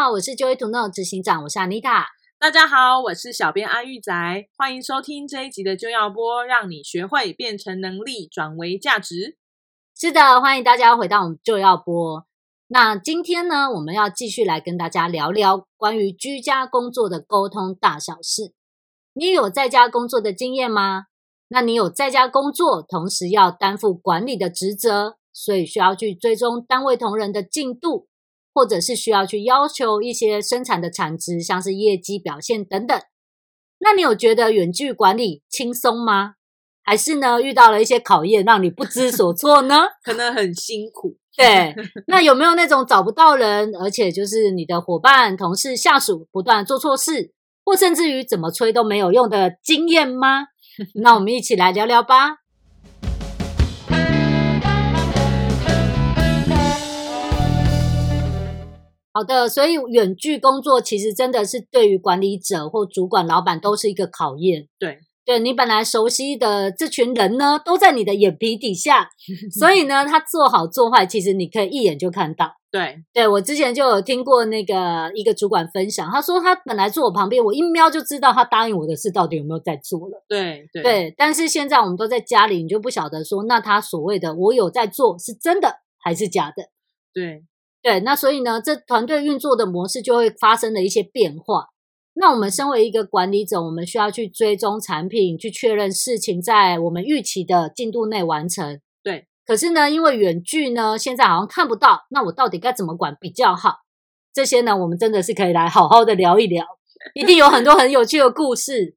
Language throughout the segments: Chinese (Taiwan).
大家好，我是 Joy to Know 執行長，我是 Anita。大家好，我是小編阿玉仔，歡迎收聽這一集的 Joy 要播，讓你學會變成能力轉為價值。是的，歡迎大家回到我們 Joy 要播。那今天呢，我們要繼續來跟大家聊聊關於居家工作的溝通大小事。你有在家工作的經驗嗎？那你有在家工作，同時要擔負管理的職責，所以需要去追蹤單位同仁的進度。或者是需要去要求一些生產的產值，像是業績表現等等。那你有覺得遠距管理輕鬆嗎？還是呢，遇到了一些考驗，讓你不知所措呢？ 可能很辛苦。 對，那有沒有那種找不到人，而且就是你的伙伴、同事、下屬不斷做錯事，或甚至於怎麼催都沒有用的經驗嗎？那我們一起來聊聊吧。好的，所以遠距工作其實真的是對於管理者或主管、老闆都是一個考驗。對，對你本來熟悉的這群人呢，都在你的眼皮底下， 所以呢，他做好做壞，其實你可以一眼就看到。對，對我之前就有聽過那個一個主管分享，他說他本來坐我旁邊，我一瞄就知道他答應我的事到底有沒有在做了。對，對，對，但是現在我們都在家裡，你就不曉得說，那他所謂的我有在做，是真的還是假的？對。對，那所以呢，這團隊運作的模式就會發生了一些變化。那我們身為一個管理者，我們需要去追蹤產品，去確認事情在我們預期的進度內完成。對，可是呢，因為遠距呢，現在好像看不到，那我到底該怎麼管比較好？這些呢，我們真的是可以來好好的聊一聊， 一定有很多很有趣的故事。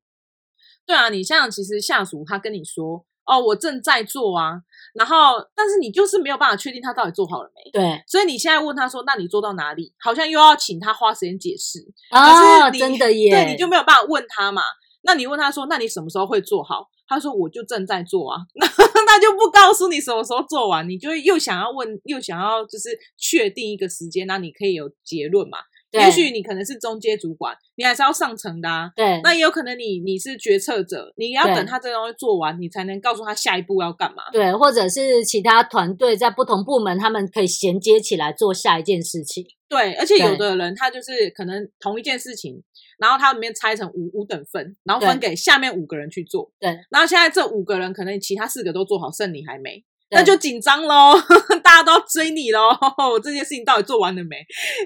對啊，你像其實下屬他跟你說：“哦，我正在做啊。”然後，但是你就是沒有辦法確定他到底做好了沒？對，所以你現在問他說：“那你做到哪裡？”好像又要請他花時間解釋啊！哦、真的耶，對，你就沒有辦法問他嘛？那你問他說：“那你什麼時候會做好？”他說：“我就正在做啊。 ”那那就不告訴你什麼時候做完，你就又想要問，又想要就是確定一個時間，那你可以有結論嘛？對也許你可能是中階主管，你還是要上層的啊。對，那也有可能你你是決策者，你要等他這個東西做完，對你才能告訴他下一步要幹嘛。對，或者是其他團隊在不同部門，他們可以銜接起來做下一件事情。對，而且有的人他就是可能同一件事情，對然後他裡面拆成五五等份，然後分給下面五個人去做。對，然後現在這五個人可能其他四個都做好，剩你還沒。那就緊張嘍，嗯、大家都要追你嘍。我這件事情到底做完了沒？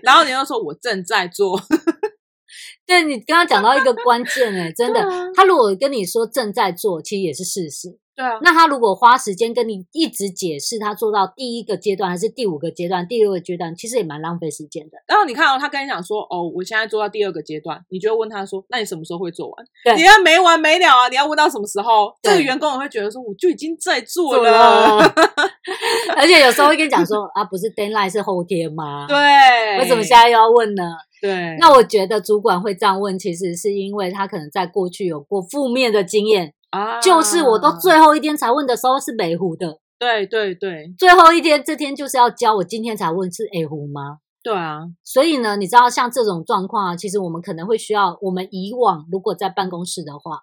然後人家說，我正在做。 對，你剛剛講到一個關鍵誒、欸、真的，啊、他如果跟你說正在做，其實也是事實。對、啊，那他如果花時間跟你一直解釋他做到第一個階段，還是第五個階段、第六個階段，其實也蠻浪費時間的。然後你看哦，他跟你講說哦，我現在做到第二個階段，你就問他說，那你什麼時候會做完？對你要沒完沒了啊！你要問到什麼時候？對這個員工人會覺得說，我就已經在做了，啊、 而且有時候會跟你講說啊，不是 deadline 是後天嗎？對，為什麼現在又要問呢？對，那我覺得主管會這樣問，其實是因為他可能在過去有過負面的經驗啊。就是我到最後一天才問的時候是北湖的，對對對，對對，最後一天這天就是要交，我今天才問是 A 湖嗎？對啊，所以呢，你知道像這種狀況啊，其實我們可能會需要，我們以往如果在辦公室的話，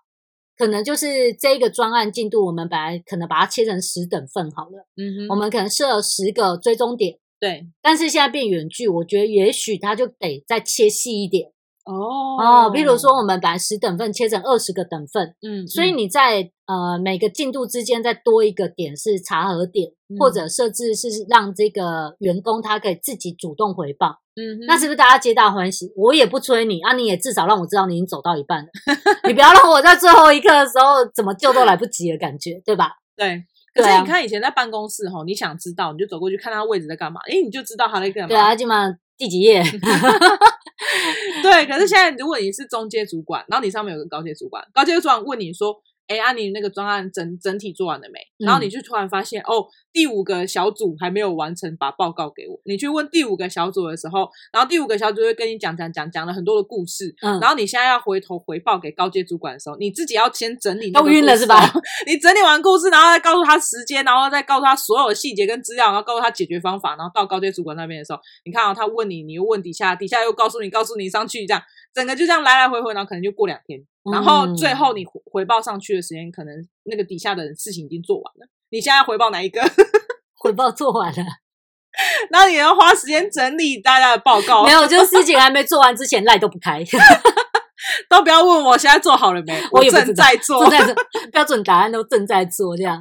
可能就是這個專案進度，我們本來可能把它切成十等份好了，嗯哼，我們可能設了十個追蹤點。對，但是現在變遠距，我覺得也許他就得再切細一點哦、oh. 哦，比如說我們把十等份切成二十個等份，嗯，嗯，所以你在呃每個進度之間再多一個點是查核點，嗯、或者設置是讓這個員工他可以自己主動回報，嗯哼，那是不是大家皆大歡喜？我也不催你啊，你也至少讓我知道你已經走到一半了， 你不要讓我在最後一刻的時候怎麼救都來不及的感覺， 對吧？對。可是你看以前在辦公室哈，你想知道你就走過去看他位置在幹嘛，哎、欸，你就知道他在幹嘛。對啊，他今嘛第幾頁？ 對，可是現在如果你是中階主管，然後你上面有個高階主管，高階主管問你說：“哎、欸，啊，你那個專案整整體做完了沒？”然後你就突然發現、嗯、哦。第五個小組還沒有完成，把報告給我。你去問第五個小組的時候，然後第五個小組會跟你講講講講了很多的故事。嗯、然後你現在要回頭回報給高階主管的時候，你自己要先整理。都暈了是吧？你整理完故事，然後再告訴他時間，然後再告訴他所有的細節跟資料，然後告訴他解決方法。然後到高階主管那邊的時候，你看啊、哦，他問你，你又問底下，底下又告訴你，告訴你上去，這樣整個就這樣來來回回，然後可能就過兩天，嗯、然後最後你回報上去的時間，可能那個底下的人事情已經做完了。你現在回報哪一個？ 回報做完了，那你要花時間整理大家的報告。 沒有，就是事情還沒做完之前，賴 都不開， 都不要問我現在做好了沒。我，我正在做，標準答案都正在做，這樣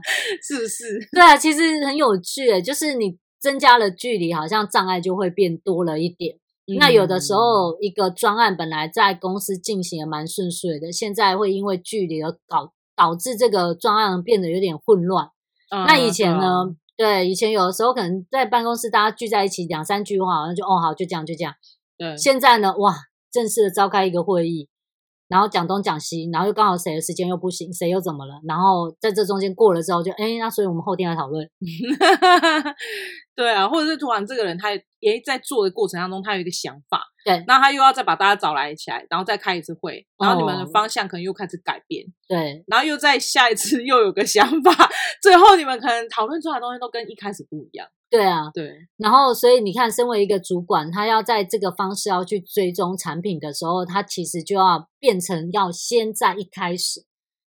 是不是？對啊，其實很有趣誒，就是你增加了距離，好像障礙就會變多了一點。嗯，那有的時候一個專案本來在公司進行也蠻順遂的，現在會因為距離而導導致這個專案變得有點混亂。嗯，那以前呢？嗯，對，以前有的時候可能在辦公室大家聚在一起兩三句話，就哦，好像就哦好就這樣就這樣。這樣。對，現在呢，哇，正式的召開一個會議，然後講東講西，然後又剛好誰的時間又不行，誰又怎麼了？然後在這中間過了之後就，就哎那所以我們後天來討論。哈哈哈。對啊，或者是突然這個人他也在做的過程當中，他有一個想法。對，那他又要再把大家找來起來，然後再開一次會，然後你們的方向可能又開始改變。哦、對，然後又再下一次又有個想法，最後你們可能討論出來的東西都跟一開始不一樣。對啊，對。然後，所以你看，身為一個主管，他要在這個方式要去追蹤產品的時候，他其實就要變成要先在一開始，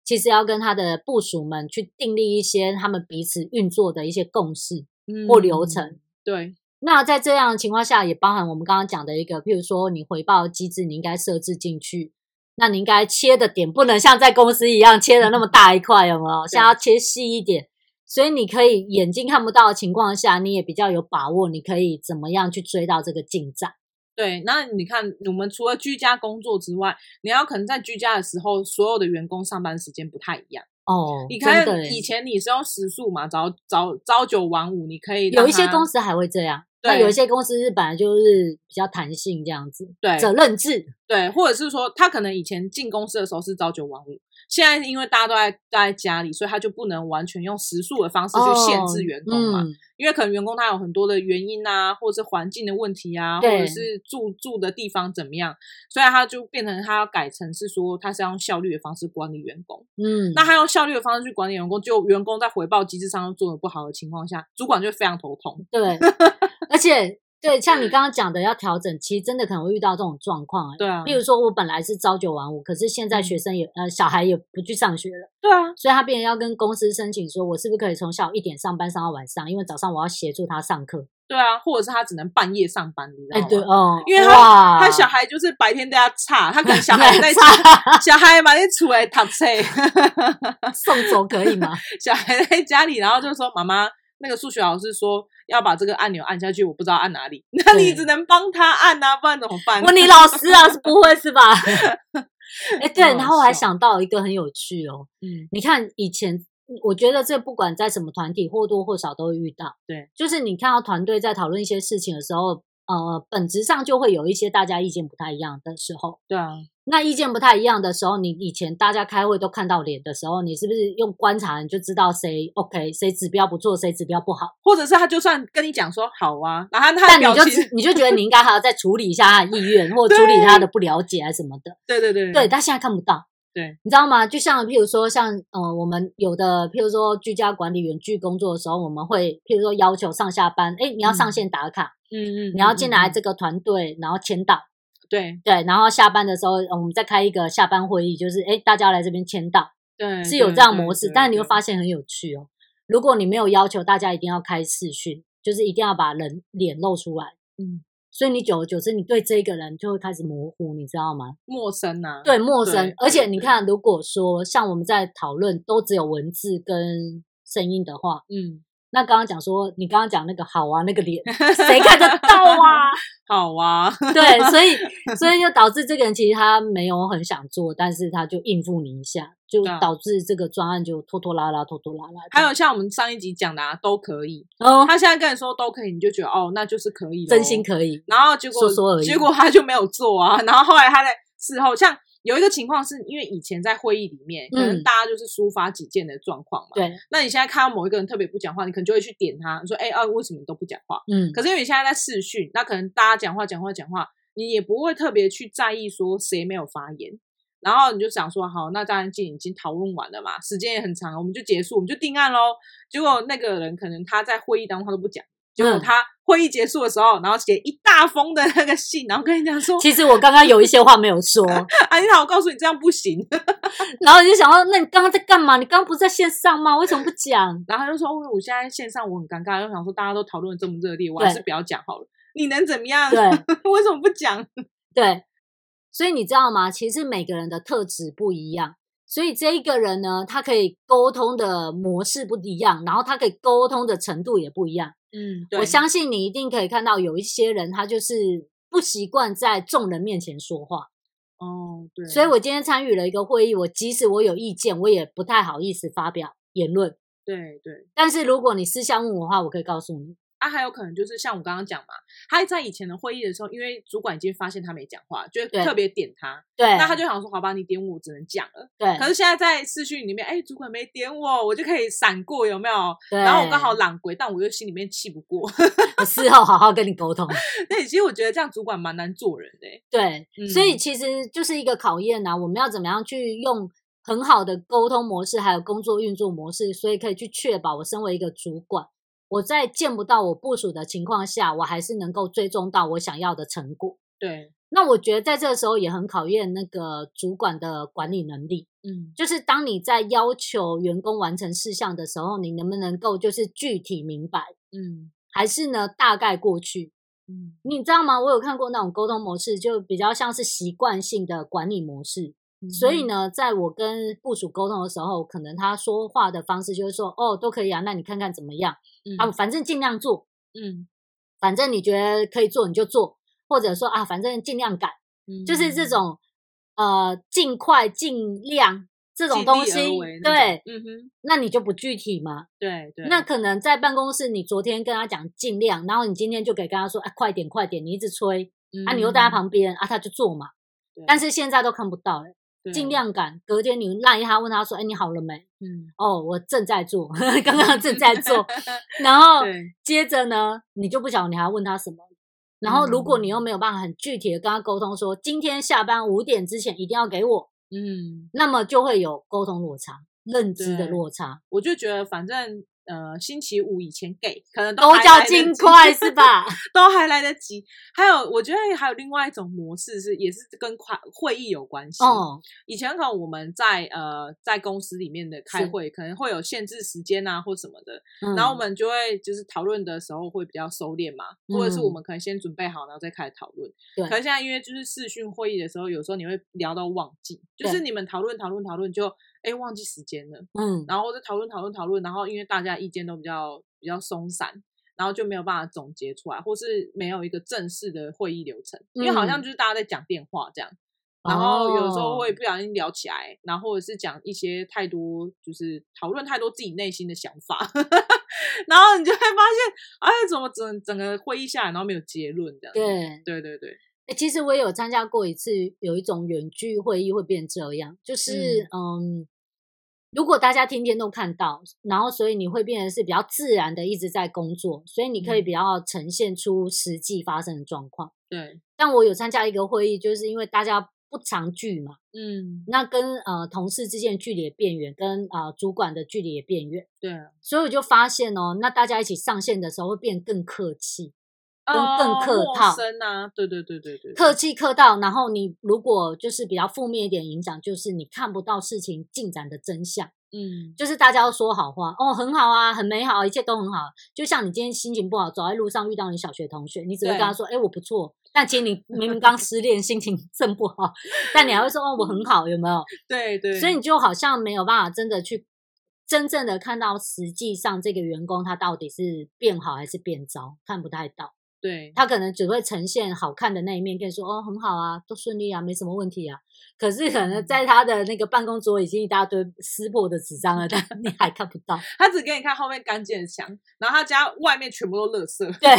其實要跟他的部屬們去訂立一些他們彼此運作的一些共識或流程。嗯、對。那在這樣的情況下，也包含我們剛剛講的一個，譬如說你回報機制，你應該設置進去。那你應該切的點不能像在公司一樣切的那麼大一塊，有沒有？像要切細一點。對所以你可以眼睛看不到的情況下，你也比較有把握，你可以怎麼樣去追到這個進展？對。那你看，我們除了居家工作之外，你要可能在居家的時候，所有的員工上班時間不太一樣。哦，你看以前你是用時數嘛，早早朝九晚五，你可以有一些公司還會這樣。對那有一些公司是本來就是比較彈性這樣子，對，責任制，對，或者是說他可能以前進公司的時候是朝九晚五，現在因為大家都在都在家裡，所以他就不能完全用時數的方式去限制員工嘛。哦，嗯、因為可能員工他有很多的原因啊，或者是環境的問題啊，對或者是住住的地方怎麼樣，所以他就變成他要改成是說他是要用效率的方式管理員工。嗯，那他用效率的方式去管理員工，就員工在回報機制上做得不好的情況下，主管就非常頭痛。對。 而且，對，像你剛剛講的，要調整，其實真的可能會遇到這種狀況欸。對啊，比如說我本來是朝九晚五，可是現在學生也呃，小孩也不去上學了。對啊，所以他變成要跟公司申請說，我是不是可以從小一點上班上到晚上，因為早上我要協助他上課。對啊，或者是他只能半夜上班的。欸。對哦，因為他哇他小孩就是白天在家吵，他可能小孩在家， 小孩嘛，你出來不車， 送走可以嗎？小孩在家裡，然後就說媽媽。那個數學老師說要把這個按鈕按下去，我不知道按哪裡，那你只能幫他按啊，對不然怎麼辦？問你老師啊，是不會是吧？哎、 欸，對，然後我還想到一個很有趣哦， 嗯，你看以前，我覺得這不管在什麼團體，或多或少都會遇到，對，就是你看到團隊在討論一些事情的時候。呃，本質上就會有一些大家意見不太一樣的時候。對啊，那意見不太一樣的時候，你以前大家開會都看到臉的時候，你是不是用觀察你就知道誰 OK，誰指標不錯，誰指標不好，或者是他就算跟你講說好啊，然後他但你就 你就覺得你應該還要再處理一下他的意願，或處理他的不了解啊什麼的。對對對，對他現在看不到。對，你知道嗎？就像譬如說，像呃，我們有的譬如說，居家管理遠距工作的時候，我們會譬如說要求上下班，誒你要上線打卡，嗯嗯，你要進來這個團隊，嗯、然後簽到，對對，對然後下班的時候，我們再開一個下班會議，就是誒大家要來這邊簽到，對，是有這樣模式。但是你會發現很有趣哦，如果你沒有要求大家一定要開視訊，就是一定要把人臉露出來，嗯。所以你久而久之，你對這個人就會開始模糊，你知道嗎？陌生吶、啊，對，陌生。對。而且你看，如果說像我們在討論都只有文字跟聲音的話，嗯。那剛剛講說，你剛剛講那個好啊，那個臉誰看得到啊？ 好啊， 對，所以所以就導致這個人其實他沒有很想做，但是他就應付你一下，就導致這個專案就拖拖拉拉，拖拖拉拉。拖拖拉拉，還有像我們上一集講的啊，都可以，哦，他現在跟你說都可以，你就覺得哦，那就是可以，真心可以。然後結果說說而已，結果他就沒有做啊。然後後來他在事後像。有一個情況是因為以前在會議裡面，可能大家就是抒發己見的狀況嘛。嗯、對，那你現在看到某一個人特別不講話，你可能就會去點他，你說：“哎，啊，為什麼你都不講話？”嗯，可是因為你現在在視訊，那可能大家講話、講話、講話，你也不會特別去在意說誰沒有發言，然後你就想說：“好，那這樣子已經討論完了嘛，時間也很長，我們就結束，我們就定案嘍。”結果那個人可能他在會議當中他都不講。就他會議結束的時候，然後寫一大封的那個信，然後跟人家說，其實我剛剛有一些話沒有說， 啊，你好，我告訴你這樣不行。 然後你就想說，那你剛剛在幹嘛？你剛剛不是在線上嗎？為什麼不講？然後他就說，我現在線上我很尷尬，就想說大家都討論的這麼熱烈，我還是不要講好了。對你能怎麼樣？對， 為什麼不講？對，所以你知道嗎？其實每個人的特質不一樣。所以這一個人呢，他可以溝通的模式不一樣，然後他可以溝通的程度也不一樣。嗯，對。我相信你一定可以看到有一些人，他就是不習慣在眾人面前說話。哦，對。所以我今天參與了一個會議，我即使我有意見，我也不太好意思發表言論。對對。對。但是如果你私下問我的話，我可以告訴你。啊，還有可能就是像我剛剛講嘛，他在以前的會議的時候，因為主管已經發現他沒講話，就會特別點他。對，那他就想說：“好吧對，你點我，我只能講了。”對。可是現在在視訊裡面，哎、欸，主管沒點我，我就可以閃過，有沒有？對。然後我剛好懶鬼，但我又心裡面氣不過，事 後好好跟你溝通。對，其實我覺得這樣主管蠻難做人的、欸、對，嗯、所以其實就是一個考驗吶、啊，我們要怎麼樣去用很好的溝通模式，還有工作運作模式，所以可以去確保我身為一個主管。我在見不到我部屬的情況下，我還是能夠追蹤到我想要的成果。對，那我覺得在這個時候也很考驗那個主管的管理能力。嗯，就是當你在要求員工完成事項的時候，你能不能夠就是具體明白？嗯，還是呢，大概過去。嗯，你知道嗎？我有看過那種溝通模式，就比較像是習慣性的管理模式。嗯、所以呢，在我跟部屬溝通的時候，可能他說話的方式就是說：“哦，都可以啊，那你看看怎麼樣？嗯、啊，反正盡量做，嗯，反正你覺得可以做你就做，或者說啊，反正盡量趕，嗯哼，就是這種，呃，盡快盡量這種東西，對，嗯哼，那你就不具體嘛？對，對，那可能在辦公室，你昨天跟他講盡量，然後你今天就可以跟他說：哎、啊，快點，快點，你一直催，嗯、哼啊，你又在他旁邊，啊，他就做嘛，對但是現在都看不到了盡量趕隔天，你那一下，問他說：“誒、欸、你好了沒？”嗯，哦，我正在做，剛剛正在做。 然後對 接着呢，你就不曉得你還要問他什麼。然後如果你又沒有辦法很具體的跟他溝通說，嗯、今天下班五點之前一定要給我，嗯，那麼就會有溝通落差，認知的落差。我就覺得反正。呃，星期五以前給，可能都還來得及，都叫儘快是吧？ 都還來得及。還有，我覺得還有另外一種模式是，也是跟快會議有關係。哦，以前可能我們在呃在公司裡面的開會，是可能會有限制時間啊或什麼的。嗯、然後我們就會就是討論的時候會比較收斂嘛，嗯、或者是我們可能先準備好，然後再開始討論。嗯、可能現在因為就是視訊會議的時候，有時候你會聊到忘記，對就是你們討論討論討論就。哎，忘記時間了。嗯，然後就討論討論討論，然後因為大家意見都比較比較鬆散，然後就沒有辦法總結出來，或是沒有一個正式的會議流程，嗯、因為好像就是大家在講電話這樣。然後有時候會不小心聊起來，哦、然後或者是講一些太多，就是討論太多自己內心的想法， 然後你就會發現，哎，怎麼整整個會議下來，然後沒有結論的？對對對對。哎，其實我也有參加過一次，有一種遠距會議會變這樣，就是嗯，嗯，如果大家天天都看到，然後所以你會變得是比較自然的一直在工作，所以你可以比較呈現出實際發生的狀況。嗯、對，但我有參加一個會議，就是因為大家不常聚嘛，嗯，那跟呃同事之間的距離也變遠，跟啊、呃、主管的距離也變遠，對，所以我就發現哦，那大家一起上線的時候會變更客氣。更更客套、哦、啊，對對對對對，客氣客套。然後你如果就是比較負面一點影響，就是你看不到事情進展的真相。嗯，就是大家都說好話哦，很好啊，很美好，一切都很好。就像你今天心情不好，走在路上遇到你小學同學，你只會跟他說：“哎對，我不錯。”但其實你明明剛失戀， 心情甚不好，但你還會說：“哦，我很好。”有沒有？對對。所以你就好像沒有辦法真的去真正的看到，實際上這個員工他到底是變好還是變糟，看不太到。對，他可能只會呈現好看的那一面，跟你說哦，很好啊，都順利啊，沒什麼問題啊。可是可能在他的那個辦公桌已經一大堆撕破的紙張了，但你還看不到， 他只給你看後面乾淨的牆，然後他家外面全部都垃圾。對，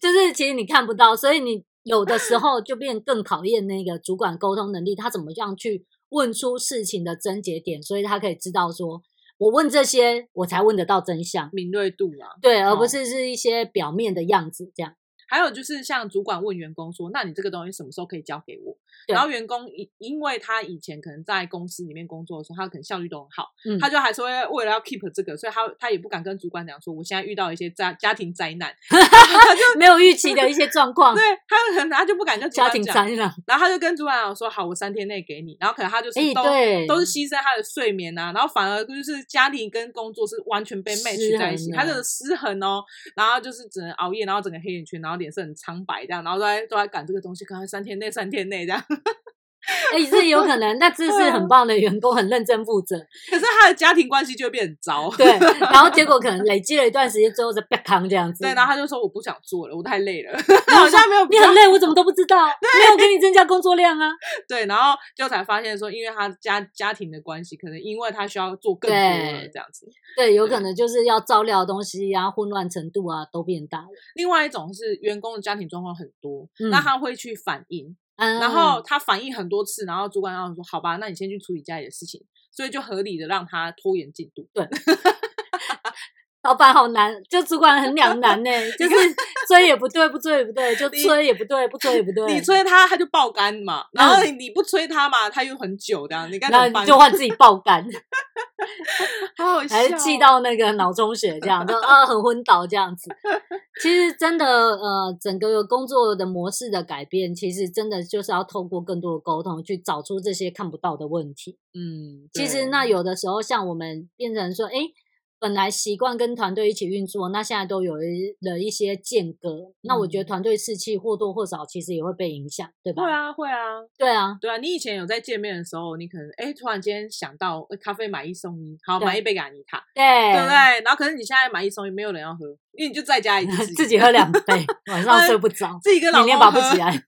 就是其實你看不到，所以你有的時候就變更考驗那個主管溝通能力，他怎麼樣去問出事情的症結點，所以他可以知道說。我問這些，我才問得到真相。敏銳度啊，對，哦，而不是是一些表面的樣子這樣。還有就是，像主管問員工說：“那你這個東西什麼時候可以交給我？”對然後員工因因為他以前可能在公司裡面工作的時候，他可能效率都很好，嗯、他就還說為了要 keep 這個，所以他他也不敢跟主管講說我現在遇到一些家家庭災難，哈 他就 沒有預期的一些狀況。對，他可能他就不敢跟主管講。家庭災難，然後他就跟主管講說好，我三天內給你。然後可能他就是都、欸、都是犧牲他的睡眠啊，然後反而就是家庭跟工作是完全被 match 在一起，他這個失衡哦。然後就是只能熬夜，然後整個黑眼圈，然後臉色很蒼白這樣，然後都在都在趕這個東西，可能三天內三天內這樣。哎，這、 欸、有可能，那這是很棒的員工，啊、很認真負責。可是他的家庭關係就會變糟。對，然後結果可能累積了一段時間之後，就啪，這樣子。對，然後他就說：“我不想做了，我太累了。”沒有 你很累，我怎麼都不知道？對沒有給你增加工作量啊。對，然後就才發現說，因為他家家庭的關係，可能因為他需要做更多這樣子對。對，有可能就是要照料的東西啊，混亂程度啊，都變大了。另外一種是員工的家庭狀況很多，那、嗯、他會去反映。 然後他反映很多次，然後主管讓他說：“好吧，那你先去處理家裡的事情。”所以就合理的讓他拖延進度，對。 老闆好難，就主管很兩難呢，看就是催也不對，不催也不對，就催也不對，不催也不對。你催他，他就爆肝嘛，然後你不催他嘛，嗯、他又很久的，你該怎辦，你就換自己爆肝，好好笑 還是氣到那個腦中血這樣，就啊、哦、很昏倒這樣子。其實真的呃，整個工作的模式的改變，其實真的就是要透過更多的溝通，去找出這些看不到的問題。嗯，其實那有的時候像我們變成說，誒、欸本來習慣跟團隊一起運作，那現在都有了一些間隔，嗯、那我覺得團隊士氣或多或少其實也會被影響，嗯、對吧？會啊，會啊，對啊，對啊。你以前有在見面的時候，你可能哎、欸、突然間想到咖啡買一送一，好對買一杯給安妮塔，對對不對？然後可是你現在買一送一，沒有人要喝，因為你就在家自自己喝兩杯， 晚上睡不着， 自己跟老公喝，年年爬不起來。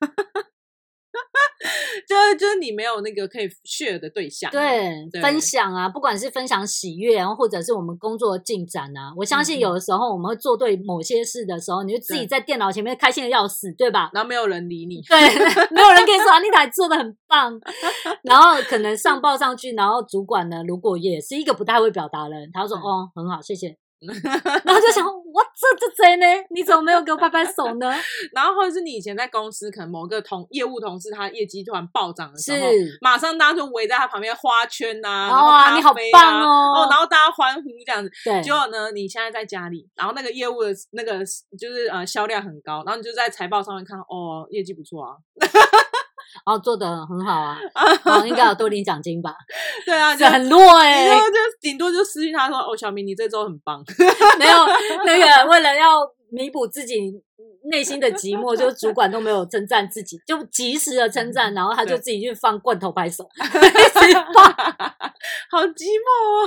就是就是你沒有那個可以 share 的對象，對，對分享啊，不管是分享喜悅，然後或者是我們工作的進展啊，我相信有的時候我們會做對某些事的時候，嗯、哼你就自己在電腦前面開心的要死，對，對吧？然後沒有人理你，對，沒有人可以說啊，你台 做的很棒，然後可能上報上去，然後主管呢，如果也是一個不太會表達的人，他就說、嗯、哦，很好，謝謝。 然後就想，我 這這誰呢？你怎麼沒有給我拍拍手呢？ 然後或者是你以前在公司，可能某個同業務同事，他業績突然暴漲的時候，是馬上大家就圍在他旁邊花圈啊，哦、然後、啊、你好棒哦，哦，然後大家歡呼這樣子。對，結果呢，你現在在家裡，然後那個業務的那個就是呃銷量很高，然後你就在財報上面看，哦，業績不錯啊。 然後、哦、做得很好啊， 哦，應該要多領獎金吧？ 對啊，就很弱哎、欸，然後就頂多就私訊他說，哦，小明你這週很棒， 沒有那個為了要彌補自己內心的寂寞，就主管都沒有稱讚自己，就及時的稱讚，然後他就自己去放罐頭拍手， 好寂寞啊、哦，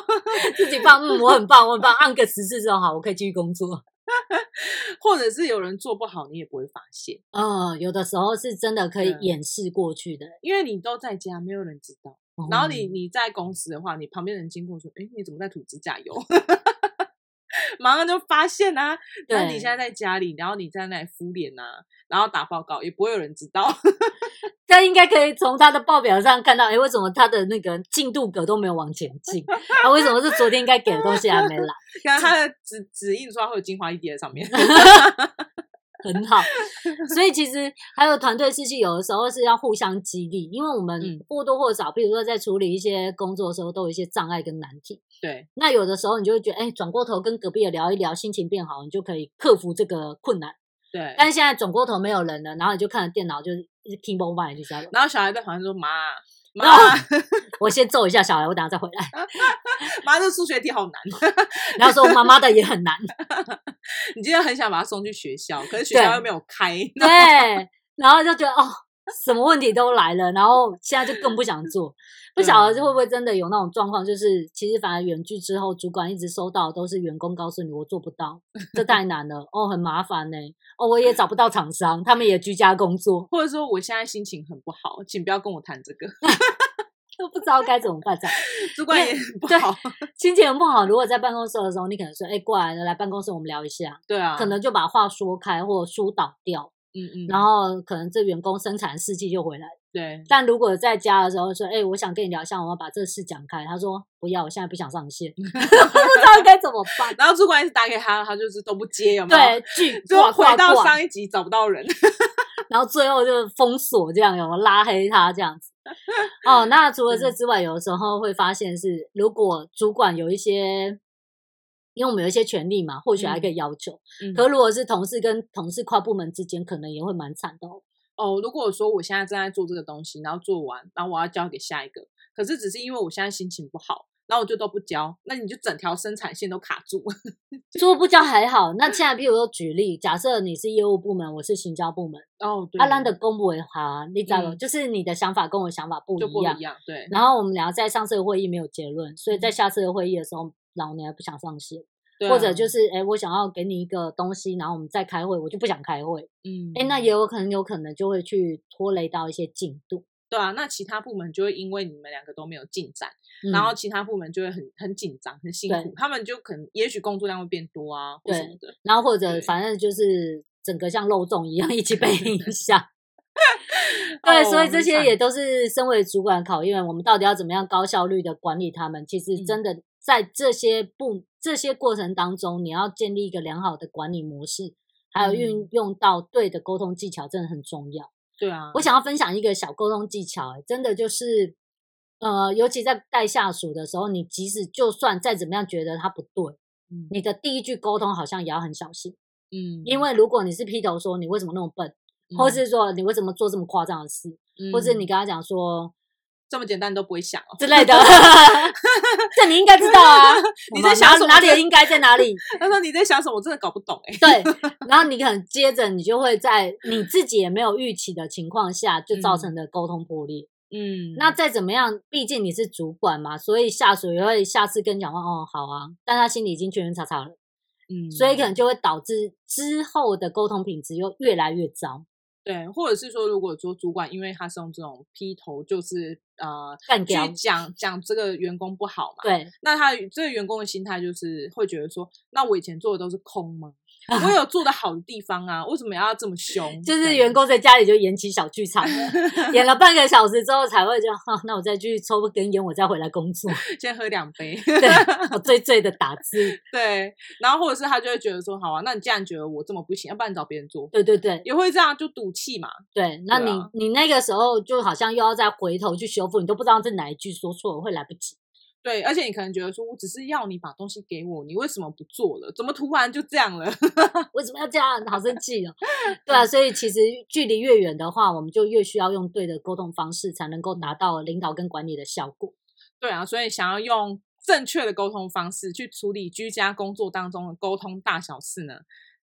自己放。」嗯，我很棒，我很棒，按個十次就好，我可以繼續工作。 或者是有人做不好，你也不會發現。啊、哦，有的時候是真的可以掩飾過去的，因為你都在家，沒有人知道。嗯、然後你你在公司的話，你旁邊人經過說：“哎、欸，你怎麼在塗指甲油？” 馬上就發現啊！那對你現在在家裡，然後你在那裡敷臉吶、啊，然後打報告，也不會有人知道。他 應該可以從他的報表上看到，誒、欸，為什麼他的那個進度格都沒有往前進？ 啊，為什麼是昨天應該給的東西還沒來？剛剛他的紙紙是印刷會有精華一滴在上面。 很好，所以其實還有團隊士氣，有的時候是要互相激勵，因為我們或多或少，比、嗯、如說在處理一些工作的時候，都有一些障礙跟難題。對，那有的時候你就會覺得，哎、欸，轉過頭跟隔壁的聊一聊，心情變好，你就可以克服這個困難。對，但是現在轉過頭沒有人了，然後你就看着電腦，就是乒乓乓乓一直在，然後小孩在旁邊說媽。媽媽媽，然後我先揍一下小孩，我等下再回來。媽的數學題好難，然後說我媽媽的也很難。你今天很想把他送去學校，可是學校又沒有開，對，對，然後就覺得哦。什麼問題都來了，然後現在就更不想做，不曉得會不會真的有那種狀況，就是其實反而遠距之後，主管一直收到都是員工告訴你我做不到，這太難了哦，很麻煩呢、欸、哦，我也找不到廠商，他們也居家工作，或者說我現在心情很不好，請不要跟我談這個，都 不知道該怎麼辦。主管也不好，心情很不好。如果在辦公室的時候，你可能說：“哎、欸，過來了來辦公室，我們聊一下。”對啊，可能就把話說開或者疏導掉。嗯嗯，然後可能這員工生產的士氣就回來，對。但如果在家的時候說，哎、欸，我想跟你聊一下，我要把這事講開，他說不要，我現在不想上線， 不知道該怎麼辦。 然後主管一直打給他，他就是都不接，有沒有？對，拒就回到上一集找不到人， 然後最後就封鎖這樣，有沒有？拉黑他這樣子。哦，那除了這之外，嗯、有的時候會發現是如果主管有一些。因為我們有一些權利嘛，或許還可以要求。嗯嗯、可如果是同事跟同事跨部門之間，可能也會蠻慘的哦。哦，如果我說我現在正在做這個東西，然後做完，然後我要交給下一個，可是只是因為我現在心情不好，那我就都不交，那你就整條生產線都卡住。說不交還好，那現在比如說舉例，假設你是業務部門，我是行銷部門，哦，對，阿懶的公布給他，你知道嗎，嗯、就是你的想法跟我的想法不一樣，就不一樣，對。然後我們兩個在上次的會議沒有結論，所以在下次的會議的時候，老娘、嗯、不想上線，對啊、或者就是誒我想要給你一個東西，然後我們再開會，我就不想開會，嗯，誒那也有可能有可能就會去拖累到一些進度。對啊，那其他部門就會因為你們兩個都沒有進展，嗯、然後其他部門就會很很緊張、很辛苦，對他們就可能也許工作量會變多啊。對，或什麼的、然後或者對反正就是整個像漏洞一樣一起被影響。對， 對哦、所以這些也都是身為主管考驗我們到底要怎麼樣高效率的管理他們。其實真的在這些部、嗯、這些過程當中，你要建立一個良好的管理模式，還有運用到對的溝通技巧，真的很重要。對啊，我想要分享一個小溝通技巧、欸，真的就是，呃，尤其在帶下屬的時候，你即使就算再怎麼樣覺得他不對，嗯、你的第一句溝通好像也要很小心，嗯，因為如果你是劈頭說你為什麼那麼笨，嗯、或是說你為什麼做這麼誇張的事，嗯、或是你跟他講說。這麼簡單都不會想哦之類的， 這你應該知道啊！ 你在想什麼，哪裡應該在哪裡？ 他說你在想什麼？我真的搞不懂誒、欸、對，然後你可能接着你就會在你自己也沒有預期的情況下，就造成的溝通破裂。嗯，嗯、那再怎麼樣，畢竟你是主管嘛，所以下屬也會下次跟你講話哦，好啊，但他心裡已經圈圈叉叉了。嗯，所以可能就會導致之後的溝通品質又越來越糟。對，或者是說，如果說主管因為他是用這種劈頭就是。.呃，幹掉，去講講這個員工不好嘛？對，那他這個員工的心態就是會覺得說，那我以前做的都是空嗎？我有做的好的地方啊，為什 麼要這麼兇？就是員工在家裡就演起小劇場了， 演了半個小時之後才會這樣，哈、啊、那我再去抽抽根煙，我再回來工作，先喝兩杯， 對，我醉醉的打字，對，然後或者是他就會覺得說，好啊，那你既然覺得我這麼不行，要不然你找別人做，對對對，也會這樣就賭氣嘛，對，那你、啊、你那個時候就好像又要再回頭去修復，你都不知道這哪一句說錯了，會來不及。對，而且你可能覺得說，我只是要你把東西給我，你為什麼不做了？怎麼突然就這樣了？ 為什麼要這樣？好生氣哦！對啊，所以其實距離越遠的話，我們就越需要用對的溝通方式，才能夠達到領導跟管理的效果。對啊，所以想要用正確的溝通方式去處理居家工作當中的溝通大小事呢？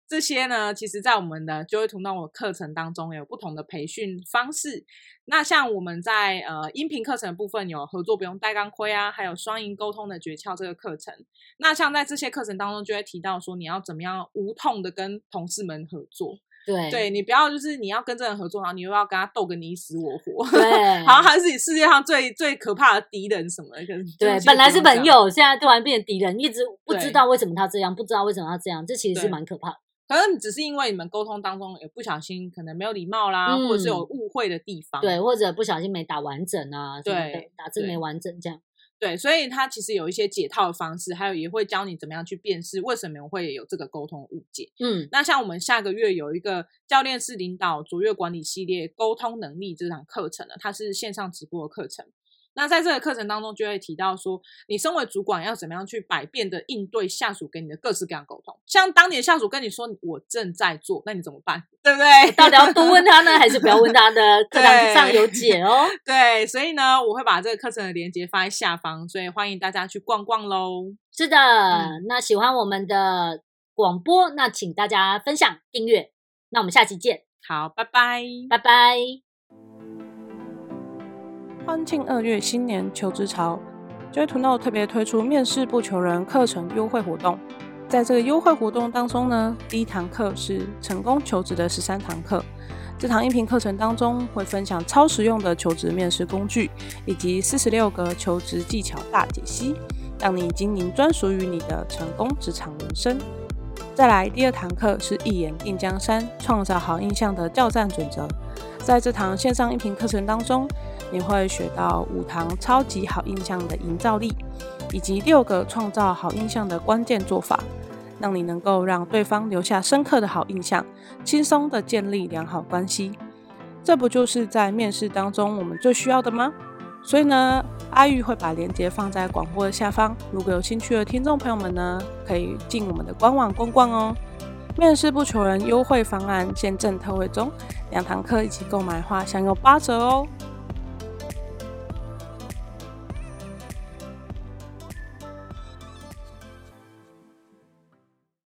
這些呢，其實在我們的 Joy to Know 的課程當中有不同的培訓方式。那像我們在呃音頻課程的部分有合作不用戴鋼盔啊，還有雙贏溝通的訣竅這個課程。那像在這些課程當中就會提到說，你要怎麼樣無痛的跟同事們合作。對，對你不要就是你要跟這人合作好，然後，你又不要跟他鬥個你死我活，對 好像他是你世界上最最可怕的敵人什麼的。對，對，本來是朋友，樣現在突然變敵人，一直不知道為什麼他這樣，對不知道為什麼要這樣，這其實是蠻可怕的。可能只是因為你們溝通當中有不小心，可能沒有禮貌啦，嗯、或者是有誤會的地方，對，或者不小心沒打完整啊，對，對，打字沒完整這樣，對，對，所以他其實有一些解套的方式，還有也會教你怎麼樣去辨識為什麼會有這個溝通誤解。嗯，那像我們下個月有一個教練式領導卓越管理系列溝通能力這堂課程呢，它是線上直播的課程。那在這個課程當中，就會提到說，你身為主管要怎麼樣去百變地應對下屬跟你的各式各樣溝通。像當年下屬跟你說“我正在做”，那你怎麼辦？對不對？到底要多問他呢，還是不要問他的？課堂上有解哦對。對，所以呢，我會把這個課程的連結發在下方，所以歡迎大家去逛逛嘍。是的，嗯、那喜歡我們的廣播，那請大家分享訂閱。那我們下期見。好，拜拜，拜拜。歡慶二月新年求職潮 Joy to Know 特別推出面試不求人課程優惠活動。在這個優惠活動當中呢，第一堂課是成功求職的十三堂課。這堂音頻課程當中會分享超實用的求職面試工具，以及四十六個求職技巧大解析，讓你經營專屬於你的成功職場人生。再來，第二堂課是一眼定江山，創造好印象的教戰準則。在這堂線上音頻課程當中。你會學到五堂超級好印象的營造力，以及六個創造好印象的關鍵做法，讓你能夠讓對方留下深刻的好印象，輕鬆地建立良好關係。這不就是在面試當中我們最需要的嗎？所以呢，阿玉會把鏈接放在廣播的下方。如果有興趣的聽眾朋友們呢，可以進我們的官網逛逛哦。面試不求人優惠方案現正特惠中，兩堂課一起購買的話，享有八折哦。